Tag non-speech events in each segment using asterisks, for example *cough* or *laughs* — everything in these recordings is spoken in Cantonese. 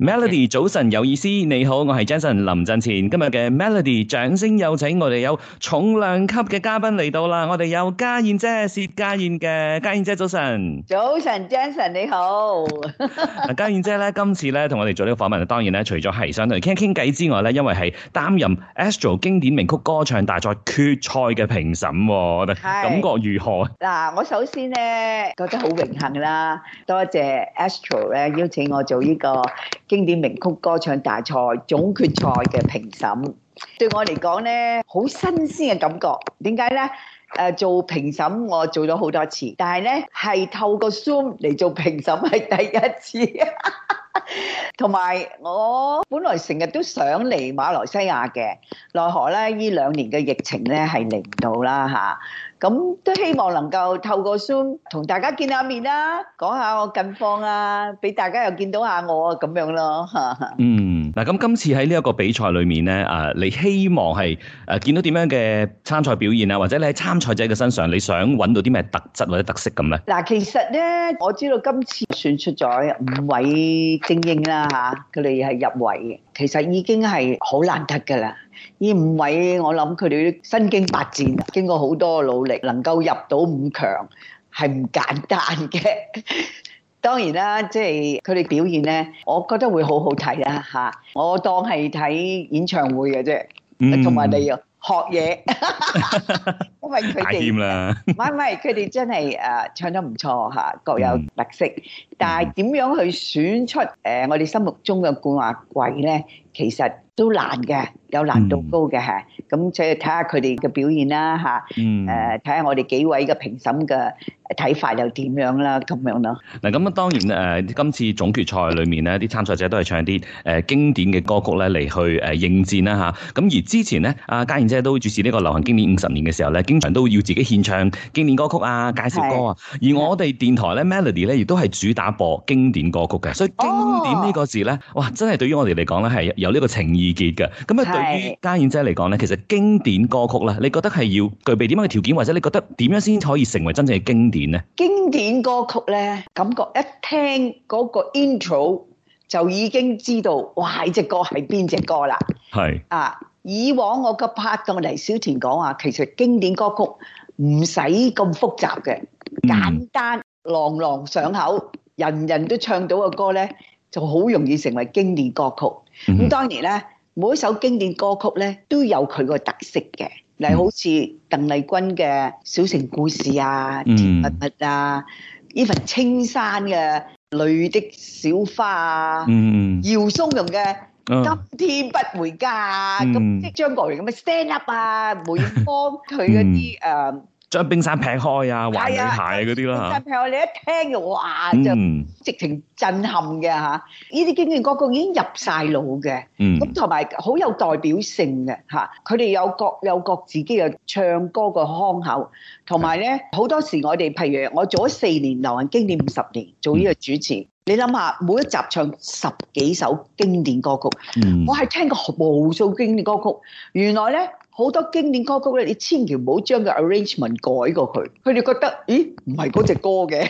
Melody，早晨有意思，你好，我係 Jason 林振前。今日嘅 Melody 掌聲有請，我哋有重量級嘅嘉賓嚟到啦。我哋有家燕姐，薛家燕嘅家燕姐，早晨。早晨，Jason 你好。家 *laughs* 燕姐咧，今次咧同我哋做呢個訪問，當然咧除咗係想同你傾傾偈之外咧，因為係擔任 Astro 經典名曲歌唱大賽決賽嘅評審喎，我感覺如何？嗱是， *laughs* 我首先咧覺得好榮幸啦，多謝 Astro 咧邀請我做呢個。經典名曲歌唱大賽總決賽嘅評審，對我嚟講呢，好新鮮嘅感覺。點解呢？誒，做評審我做咗好多次，但係呢係透過 Zoom 嚟做評審係第一次。 *laughs* 同 *laughs* 埋我本來成日都想嚟馬來西亞嘅，奈何咧呢兩年嘅疫情咧係嚟唔到啦吓，咁、啊、都希望能夠透過 Zoom 同大家見下面啦，講下我近況啊，俾大家又見到下我啊咁樣咯，啊、嗯。嗱，咁今次喺呢一個比賽裏面咧，啊，你希望係誒、啊、見到點樣嘅參賽表現啊？或者你喺參賽者嘅身上，你想揾到啲咩特質或者特色咁咧？嗱，其實咧，我知道今次選出咗五位精英啦，嚇佢哋係入圍嘅，其實已經係好難得噶啦。呢五位我諗佢哋身經百戰，經過好多努力，能夠入到五強，係唔簡單嘅。 *laughs* 當然啦，即係佢哋表演呢，我覺得會好好睇啦吓。我當係睇演唱會嘅啫，同埋你要，學嘢！ *laughs* 因為他們, *laughs* 他們, *laughs* 唔係唔係，佢哋真係唱得唔錯吓，各有特色。但係點樣去選出我哋心目中嘅冠亞季呢？其實都難嘅，有難度高嘅嚇。咁即係睇下佢哋嘅表現啦嚇。誒睇、嗯、下我哋幾位嘅評審嘅睇法又點樣啦，咁樣咯。嗱咁啊，當然誒，今次總決賽裡面咧，啲參賽者都係唱啲誒經典嘅歌曲咧嚟去誒應戰啦嚇。咁、啊、而之前咧，阿家燕姐都主持呢個流行經典五十年嘅時候咧，嗯、經常都要自己獻唱經典歌曲啊、介紹歌啊。是而我哋電台咧，Melody 咧，亦都係主打播經典歌曲嘅，所以經典個呢個字咧，哇，真係對於我哋嚟講咧係呢個情意結嘅咁啊，對於家燕姐嚟講咧，其實經典歌曲咧，你覺得係要具備點樣嘅條件，或者你覺得點樣先可以成為真正嘅經典咧？經典歌曲咧，感覺一聽嗰個 intro 就已經知道，哇！隻歌係邊隻歌啦？係啊！以往我個 partner 黎小田講話，其實經典歌曲唔使咁複雜嘅，簡單朗朗上口，人人都唱到嘅歌咧，就好容易成為經典歌曲。咁當年咧，每一首經典歌曲咧都有佢個特色嘅，例如好似鄧麗君嘅《小城故事》啊，《甜蜜蜜》啊，even 青山嘅《淚的小花》啊，姚蘇蓉嘅《今天不回家》啊，咁即係張國榮咁嘅《Stand Up》啊，梅艷芳佢嗰啲誒。將冰山劈開啊，壞女孩嗰啲啦嚇！冰山劈開，你一聽嘅哇就直情震撼嘅嚇！呢啲經典歌曲已經入曬腦嘅，咁同埋好有代表性嘅嚇。佢哋有各有各自己嘅唱歌嘅腔口，同埋咧好多時我哋譬如我做咗四年流行經典五十年做呢個主持，你諗下每一集唱十幾首經典歌曲，我係聽過無數經典歌曲，原來咧。好多經典歌曲咧，你千祈唔好將個 arrangement 改過去，佢哋覺得，咦，唔係嗰隻歌嘅，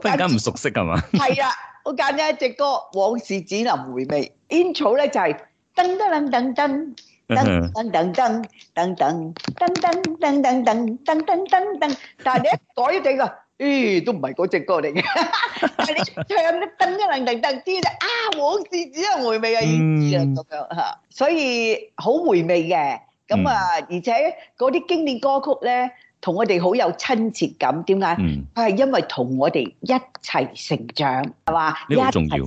突然間唔熟悉係嘛？係啊，我揀咗一隻歌《往事只能回味》，intro 咧就係噔噔噔噔噔噔噔噔噔噔噔噔噔噔噔噔噔噔，但係你一改咗幾個。咦、哎，都唔係嗰隻歌嚟嘅，你唱登得叮呤呤，但知啊往事只能回味啊、嗯，咁樣嚇，所以好回味嘅，咁、嗯、啊，嗯嗯、而且嗰啲經典歌曲咧。同我哋好有親切感，點解？佢係、嗯、因為同我哋一齊成長，係嘛？呢個重要，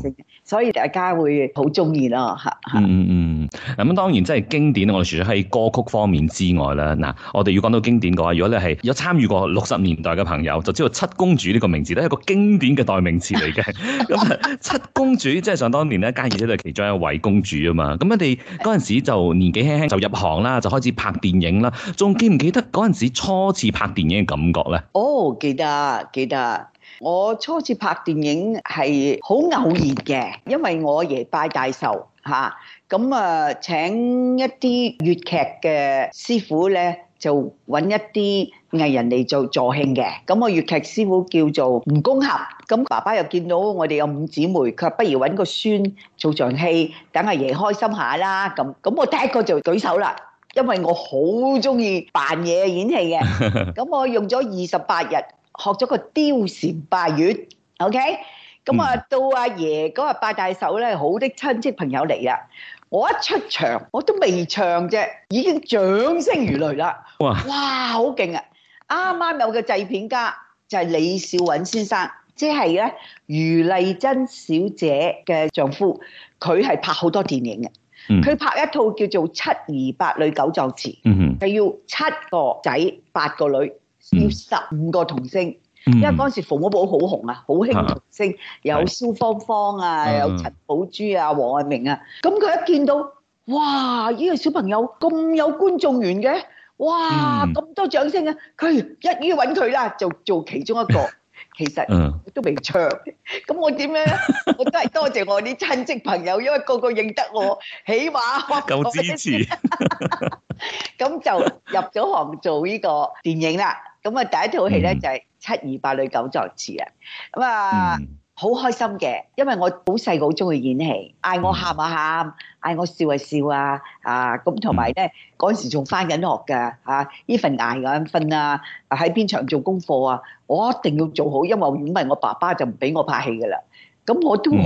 所以大家會好中意咯，嚇、嗯。嗯嗯嗯，咁當然真係經典。我哋除咗喺歌曲方面之外啦，嗱，我哋要講到經典嘅話，如果你係有參與過六十年代嘅朋友，就知道《七公主》呢、呢個名字都係一個經典嘅代名詞嚟嘅。咁、 *laughs* 嗯、《七公主》即係想當年咧，家燕姐就其中一位公主啊嘛。咁我哋嗰陣時就年紀輕輕就入行啦，就開始拍電影啦。仲記唔記得嗰陣時初拍電影嘅感覺呢？哦，記得記得，我初次拍電影係好偶然嘅，因為我阿爺拜大壽嚇，咁啊請一啲粵劇嘅師傅咧，就揾一啲藝人嚟做助興嘅。咁我粵劇師傅叫做吳公俠，咁爸爸又見到我哋有五姊妹，佢不如揾個孫做場戲，等阿爺開心下啦。咁咁我第一個就舉手啦。因為我好中意扮嘢演戲嘅，咁 *laughs* 我用咗二十八日學咗個貂蟬拜月，OK，咁啊、嗯嗯、到阿爺嗰日拜大壽咧，好多親戚朋友嚟啊！我一出場我都未唱啫，已經掌聲如雷啦！哇，哇好勁啊！啱啱有個製片家就係李少芸先生，即係咧余麗珍小姐嘅丈夫，佢係拍好多電影嘅。佢、嗯、拍一套叫做《七兒八女九作詞》嗯，係、嗯、要七個仔、八個女，要十五個童星。嗯、因為嗰陣時馮寶寶好紅啊，好興童星，有蕭芳芳啊，有陳寶珠啊，黃愛明啊。咁佢一見到，哇！呢、呢個小朋友咁有觀眾緣嘅，哇！咁、嗯、多掌聲啊！佢一於揾佢啦，就做其中一個。嗯嗯其實我都未唱，咁、uh, 我點咧？我都係多謝我啲親戚朋友， *laughs* 因為個個認得我，起碼咁支持。咁 *laughs* *laughs* *laughs* 就入咗行做呢個電影啦。咁、嗯、啊，第一套戲咧就係《七十八女九作詞》啊。咁啊。好開心嘅。因為我好細個好中意演戲，嗌我哭啊哭喊啊喊，嗌我笑啊笑啊，啊咁同埋咧，嗰時仲翻緊學㗎嚇，呢份捱眼瞓啊，喺、啊、邊場做功課啊，我一定要做好，因為如果唔係我爸爸就唔俾我拍戲㗎啦。咁我都好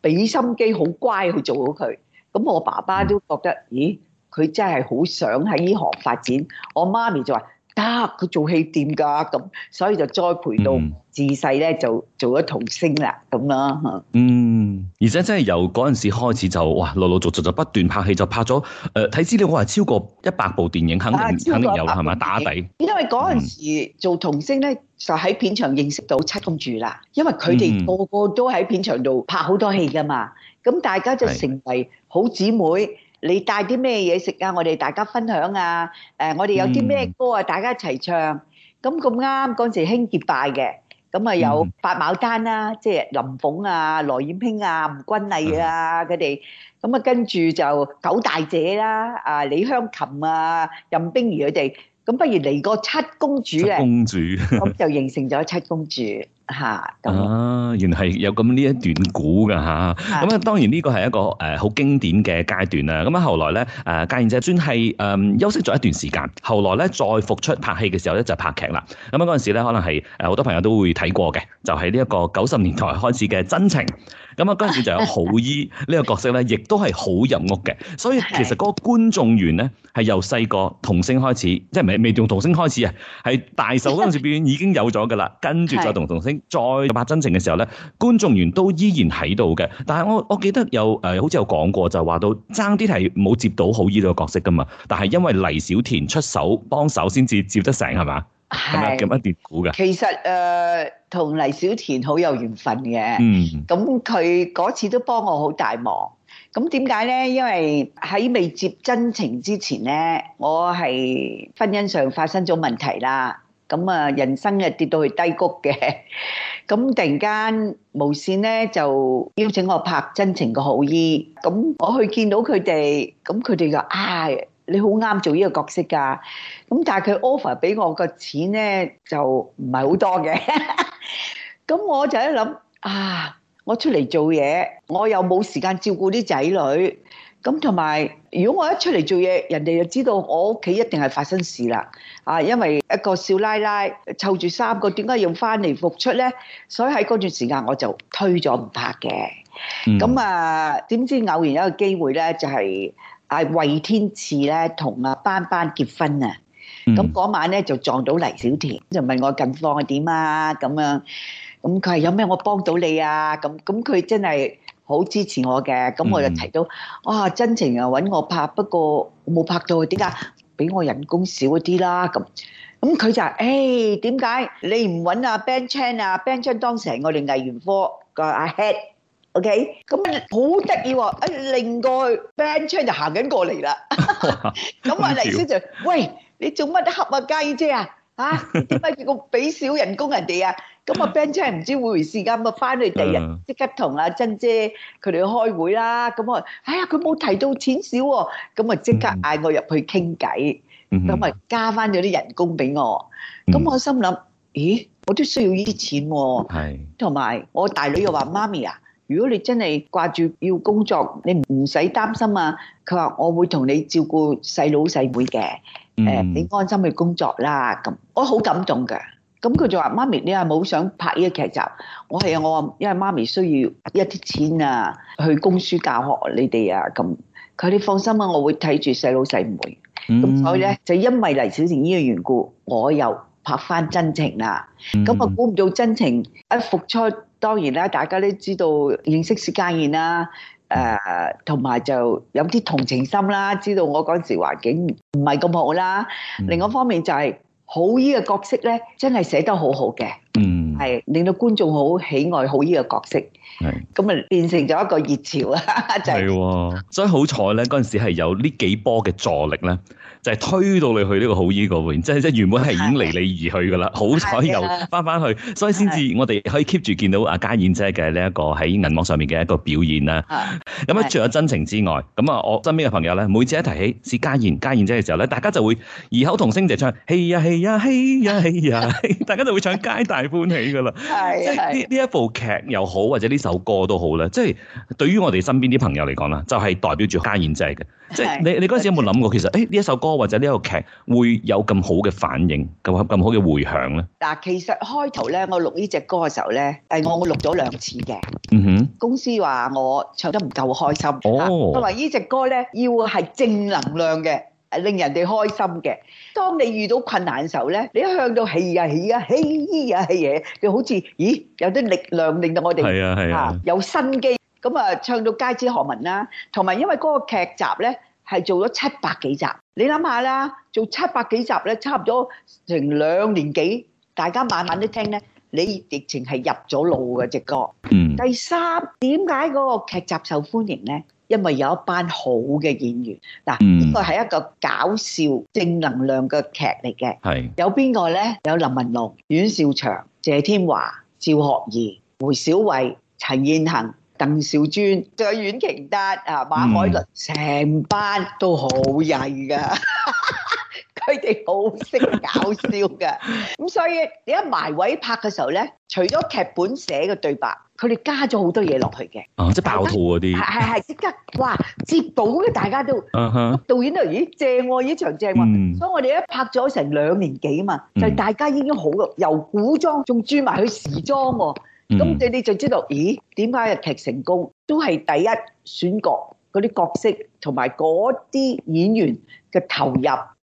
俾心機，好乖去做好佢。咁我爸爸都覺得，咦，佢真係好想喺呢行發展。我媽咪就話，得佢做戲掂噶，咁所以就栽培到自細咧就做咗童星啦，咁啦。嗯，而且真係由嗰陣時開始就哇，陸陸續續就不斷拍戲，就拍咗。誒、呃，睇資料我係超過一百部電影，肯定、啊、肯定有係咪打底。因為嗰陣時做童星咧，就喺片場認識到七公主啦。嗯、因為佢哋個個都喺片場度拍好多戲噶嘛，咁、嗯嗯、大家就成為好姊妹。的你帶啲咩嘢食啊？我哋大家分享啊！誒，我哋有啲咩歌啊？大家一齊唱咁，咁啱嗰陣時興結拜嘅，咁啊，有白牡丹啦，即係林鳳啊、羅艷卿啊、吳君麗啊佢哋咁啊，跟住就九大姐啦、阿李香琴啊、任冰兒佢哋咁，不如嚟個七公主咧，七公主咁就形成咗七公主。嚇！啊，原來係有咁呢一段古㗎嚇！咁啊、嗯，當然呢個係一個誒好、呃、經典嘅階段啦。咁、嗯、啊，後來咧，誒家燕姐先係誒休息咗一段時間，後來咧再復出拍戲嘅時候咧就拍劇啦。咁啊嗰陣時咧，可能係誒好多朋友都會睇過嘅，就係呢一個九十年代開始嘅《真情》嗯。咁啊嗰陣時就有好姨呢個角色咧，亦 *laughs* 都係好入屋嘅。所以其實嗰個觀眾緣咧係由細個童星開始，即係未未從童星開始啊，係大壽嗰陣時表演已經有咗㗎啦。 *laughs* 跟住就同童星。再拍真情嘅時候咧，觀眾員都依然喺度嘅。但係我我記得有誒、呃，好似有講過，就話到爭啲係冇接到好呢個角色噶嘛。但係因為黎小田出手幫手，先至接得成係嘛？係。係咪咁一跌估嘅。其實誒，同、呃、黎小田好有緣分嘅。嗯，咁佢嗰次都幫我好大忙。咁點解咧？因為喺未接真情之前咧，我係婚姻上發生咗問題啦。咁啊，人生嘅跌到去低谷嘅，咁突然間無線咧就邀請我拍《真情》個好姨，咁我去見到佢哋，咁佢哋就啊，你好啱做呢個角色㗎，咁但係佢 offer 俾我個錢咧就唔係好多嘅，咁我就一諗啊，我出嚟做嘢，我又冇時間照顧啲仔女。咁同埋，如果我一出嚟做嘢，人哋就知道我屋企一定係發生事啦，啊！因為一個少奶奶湊住三個，點解要翻嚟復出咧？所以喺嗰段時間我就推咗唔拍嘅。咁啊，點知偶然有一個機會咧，就係啊魏天賜咧同啊班班結婚啊。咁嗰晚咧就撞到黎小田，就問我近況係點啊？咁樣，咁佢係有咩我幫到你啊？咁咁佢真係。好支持我嘅，咁我就提到，哇，真情啊，揾我拍，不過冇拍到，點解俾我人工少一啲啦？咁咁佢就話，誒點解你唔揾阿 Ben Chan 啊？Ben Chan 當時係我哋藝員科個阿 Head，OK，咁啊好得意喎，啊另外 Ben Chan 就行緊過嚟啦，咁啊黎小姐，喂，你做乜恰啊雞啫啊？嚇，點解個俾少人工人哋啊？咁啊，Ben 姐唔知會回事㗎，咁啊翻去第二日即刻同阿珍姐佢哋去開會啦。咁啊，哎呀，佢冇提到錢少喎。咁啊，即刻嗌我入去傾偈，咁啊加翻咗啲人工俾我。咁我心諗，咦，我都需要呢啲錢喎。係。同埋我大女又話：媽咪啊，如果你真係掛住要工作，你唔唔使擔心啊。佢話：我會同你照顧細佬細妹嘅。誒，你安心去工作啦，咁我好感動嘅。咁佢就話：媽咪，你係咪好想拍呢個劇集？我係啊，我因為媽咪需要一啲錢啊，去供書教學你哋啊，咁佢哋放心啊，我會睇住細佬細妹。咁所以咧，就因為黎小賢呢個緣故，我又拍翻真情啦。咁啊，估唔到真情一復出，當然啦，大家都知道認識薛家燕啦。誒，同埋就有啲同情心啦，知道我嗰陣時環境唔係咁好啦。嗯、另一方面就係、是、好姨嘅角色咧，真係寫得好好嘅，嗯，係令到觀眾好喜愛好姨嘅角色，係咁啊，變成咗一個熱潮啊， *laughs* 就係是、哦、所以好彩咧，嗰陣時係有呢幾波嘅助力咧。就推到你去呢個好呢個邊，即係即係原本係已經離你而去㗎啦。的好彩又返返去，的所以先至我哋可以 keep 住見到阿家燕姐嘅呢一個喺銀幕上面嘅一個表現啦。咁啊的、嗯，除咗真情之外，咁啊，我身邊嘅朋友咧，每次一提起薛家燕家燕姐嘅時候咧，大家就會異口同聲就唱： *laughs* 嘿呀、啊、嘿呀、啊、嘿呀、啊、嘿呀、啊，大家就會唱皆大歡喜㗎啦。即係呢一部劇又好，或者呢首歌都好啦。即係對於我哋身邊啲朋友嚟講啦，就係、是、代表住家燕姐嘅。即係你你嗰陣時有冇諗過其實誒呢一首歌？或者呢一個劇會有咁好嘅反應，咁咁好嘅回響咧？嗱，其實開頭咧，我錄呢隻歌嘅時候咧，誒，我錄咗兩次嘅。嗯哼。公司話我唱得唔夠開心。哦。同埋呢隻歌咧，要係正能量嘅，誒，令人哋開心嘅。當你遇到困難嘅時候咧，你一唱到起呀起呀起呀起嘢，又好似咦有啲力量令到我哋係啊係啊有心機。咁啊，唱到街知巷聞啦，同埋因為嗰個劇集咧。係做咗七百幾集，你諗下啦，做七百幾集咧，差唔多成兩年幾，大家晚晚都聽咧。你疫情係入咗腦嗰隻歌。嗯。第三，點解嗰個劇集受歡迎咧？因為有一班好嘅演員嗱，呢個係一個搞笑正能量嘅劇嚟嘅。係。有邊個咧？有林文龍、阮兆祥、謝天華、趙學而、胡小偉、陳彥行。鄧兆尊、仲有袁詠丹、啊馬海倫，成班都好曳噶，佢哋好識搞笑噶。咁所以你一埋位拍嘅時候咧，除咗劇本寫嘅對白，佢哋加咗好多嘢落去嘅。哦，即係爆肚嗰啲。係係係，即刻哇接到嘅大家都，導演都咦正喎，呢場正喎。所以我哋一拍咗成兩年幾嘛，就大家已經好由古裝仲轉埋去時裝喎。咁你你就知道，咦，點解劇成功？都係第一選角嗰啲角色，同埋嗰啲演員嘅投入，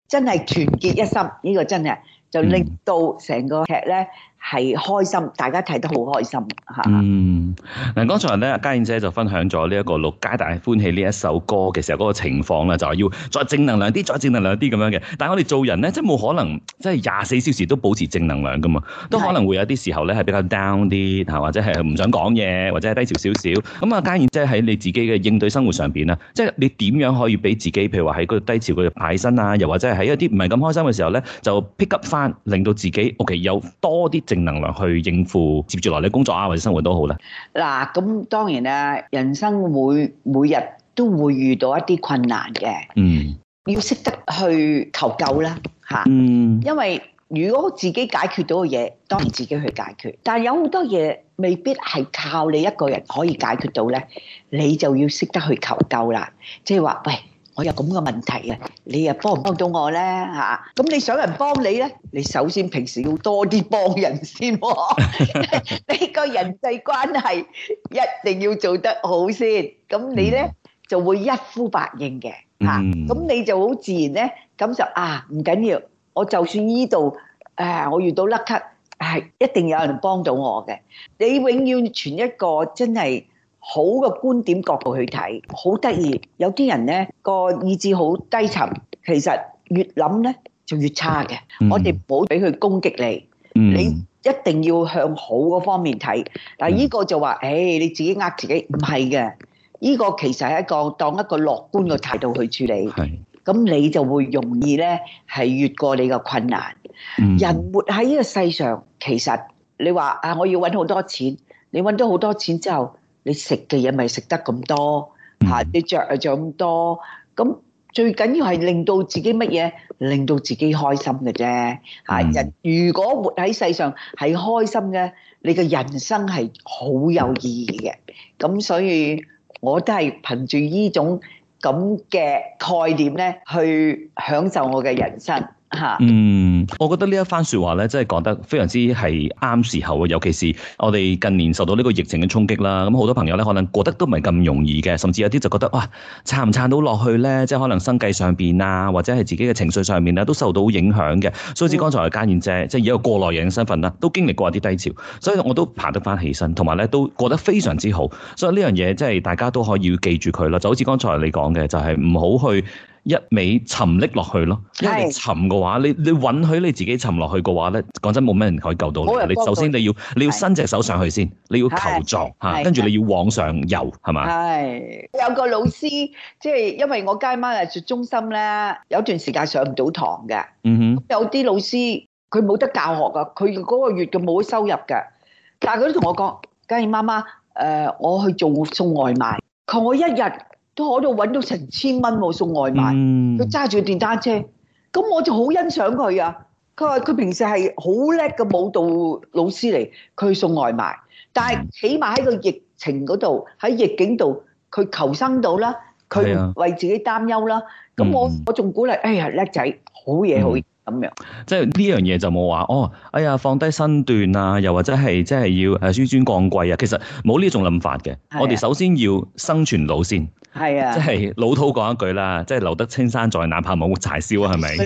真係團結一心，呢個真係就令到成個劇咧。係開心，大家睇得好開心嚇。嗯，嗱，剛才咧嘉燕姐就分享咗呢一個《六家大歡喜》呢一首歌嘅時候嗰個情況啦，就係要再正能量啲，再正能量啲咁樣嘅。但係我哋做人咧，即係冇可能即係廿四小時都保持正能量噶嘛，都可能會有啲時候咧係比較 down 啲，係或者係唔想講嘢，或者係低潮少少。咁、嗯、啊，嘉燕姐喺你自己嘅應對生活上邊啊，即係你點樣可以俾自己，譬如話喺嗰低潮度擺身啊，又或者係喺一啲唔係咁開心嘅時候咧，就 pick up 翻，令到自己屋企有多啲正能量去應付接住來你工作啊或者生活都好啦。嗱，咁當然啦，人生每每日都會遇到一啲困難嘅，嗯，要識得去求救啦，吓，嗯，因為如果自己解決到嘅嘢，當然自己去解決。但係有好多嘢未必係靠你一個人可以解決到咧，你就要識得去求救啦，即係話喂。我有咁嘅問題啊，你又幫唔幫到我咧嚇？咁你想人幫你咧，你首先平時要多啲幫人先，你個人際關係一定要做得好先。咁你咧就會一呼百應嘅嚇。咁你就好自然咧，咁就啊唔緊要，我就算依度誒，我遇到甩咳，係一定有人幫到我嘅。你永遠存一個真係。好嘅觀點角度去睇，好得意，有啲人呢，個意志好低沉，其實越諗呢就越差嘅我哋唔好俾佢攻擊你，你一定要向好嗰方面睇。你食嘅嘢咪食得咁多嚇？你著啊著咁多咁最緊要係令到自己乜嘢？令到自己開心嘅啫嚇。人如果活喺世上係開心嘅，你嘅人生係好有意義嘅。咁所以我都係憑住呢種咁嘅概念咧，去享受我嘅人生嚇。嗯。我覺得呢一番説話咧，真係講得非常之係啱時候啊！尤其是我哋近年受到呢個疫情嘅衝擊啦，咁、嗯、好多朋友咧可能過得都唔係咁容易嘅，甚至有啲就覺得哇撐唔撐到落去咧，即係可能生計上邊啊，或者係自己嘅情緒上面啊，都受到影響嘅。所以，似剛才嘅家燕姐，即係以一個過來人嘅身份啦、啊，都經歷過一啲低潮，所以我都爬得翻起身，同埋咧都過得非常之好。所以呢樣嘢即係大家都可以要記住佢咯。就好似剛才你講嘅，就係唔好去，一味沉溺落去咯，因為沉嘅話，你你允許你自己沉落去嘅話咧，講真冇咩人可以救到你。你首先你要你要伸隻手上去先，你要求助嚇，跟住你要往上游係嘛？係有個老師，即係因為我家燕媽藝術中心咧，有段時間上唔到堂嘅。嗯哼，有啲老師佢冇得教學噶，佢嗰個月嘅冇收入噶，但係佢都同我講，家燕媽媽誒，我去做送外賣，靠我一日。都喺度揾到成千蚊喎，送外賣，佢揸住個電單車，咁我就好欣賞佢啊！佢話佢平時係好叻嘅舞蹈老師嚟，佢送外賣，但係起碼喺個疫情嗰度，喺逆境度，佢求生到啦，佢為自己擔憂啦，咁我我仲鼓勵，哎呀叻仔，好嘢好。咁樣，即係呢樣嘢就冇話哦，哎呀放低身段啊，又或者係即係要誒紆尊降貴啊，其實冇呢種諗法嘅。是啊、我哋首先要生存老先，係是啊，即係老土講一句啦，即係留得青山在，哪怕冇柴燒啊，係咪？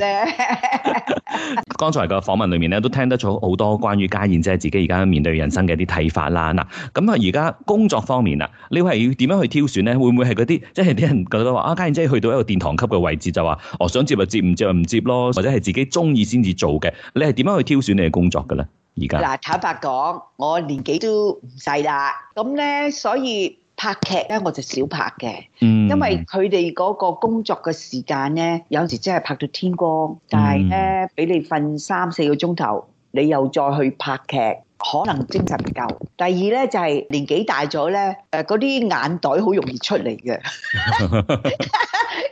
*laughs* *laughs* 剛才個訪問裏面咧，都聽得咗好多關於家燕姐自己而家面對人生嘅啲睇法啦。嗱，咁啊而家工作方面啊，你係要點樣去挑選咧？會唔會係嗰啲即係啲人覺得話啊，家燕姐去到一個殿堂級嘅位置就話，我、哦、想接就接，唔接就唔接，接，接咯，或者係自己。中意先至做嘅，你係點樣去挑選你嘅工作嘅咧？而家嗱，坦白講，我年紀都唔細啦，咁咧，所以拍劇咧，我就少拍嘅，嗯，因為佢哋嗰個工作嘅時間咧，有時真係拍到天光，但係咧，俾你瞓三四個鐘頭，你又再去拍劇。可能精神唔夠。第二咧就係、是、年紀大咗咧，誒嗰啲眼袋好容易出嚟嘅。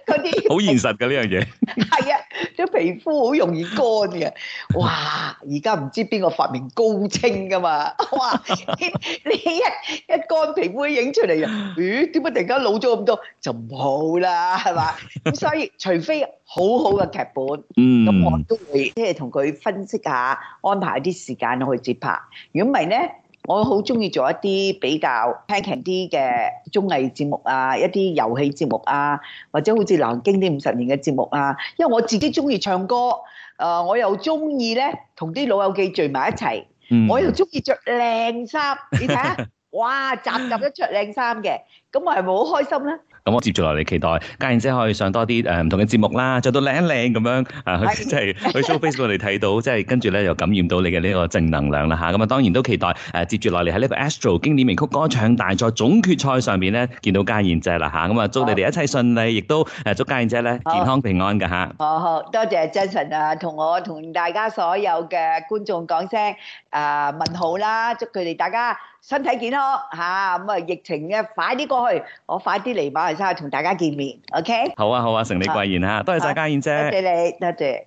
嗰啲好現實嘅呢樣嘢。係 *laughs* *laughs* 啊，啲皮膚好容易乾嘅。哇！而家唔知邊個發明高清㗎嘛？哇！你一一乾皮膚影出嚟啊！咦、呃？點解突然間老咗咁多？就唔好啦，係嘛？所以除非。好好嘅劇本，咁我都會即係同佢分析下，安排啲時間去接拍。如果唔係咧，我好中意做一啲比較輕巧啲嘅綜藝節目啊，一啲遊戲節目啊，或者好似《流行經典五十年》嘅節目啊。因為我自己中意唱歌，誒我又中意咧同啲老友記聚埋一齊，我又中意著靚衫。你睇下，哇，集集都著靚衫嘅，咁我係咪好開心咧？咁我接住落嚟期待家燕姐可以上多啲誒唔同嘅節目啦，著到靚靚咁樣啊，即係喺 show Facebook 嚟睇到，即係跟住咧又感染到你嘅呢個正能量啦嚇。咁啊，啊當然都期待誒、啊、接住落嚟喺呢個 Astro 經典名曲歌唱大賽總決賽上邊咧見到家燕姐啦嚇。咁啊，啊祝你哋一切順利，亦、oh. 都誒祝家燕姐咧健康平安㗎嚇。好好，多謝 Jason 啊，同我同大家所有嘅觀眾講聲誒、啊、問好啦，祝佢哋大家。身體健康嚇，咁啊疫情咧快啲過去，我快啲嚟馬來西亞同大家見面，OK？好啊好啊，承你貴言嚇，多謝曬家燕姐，多謝你，多謝。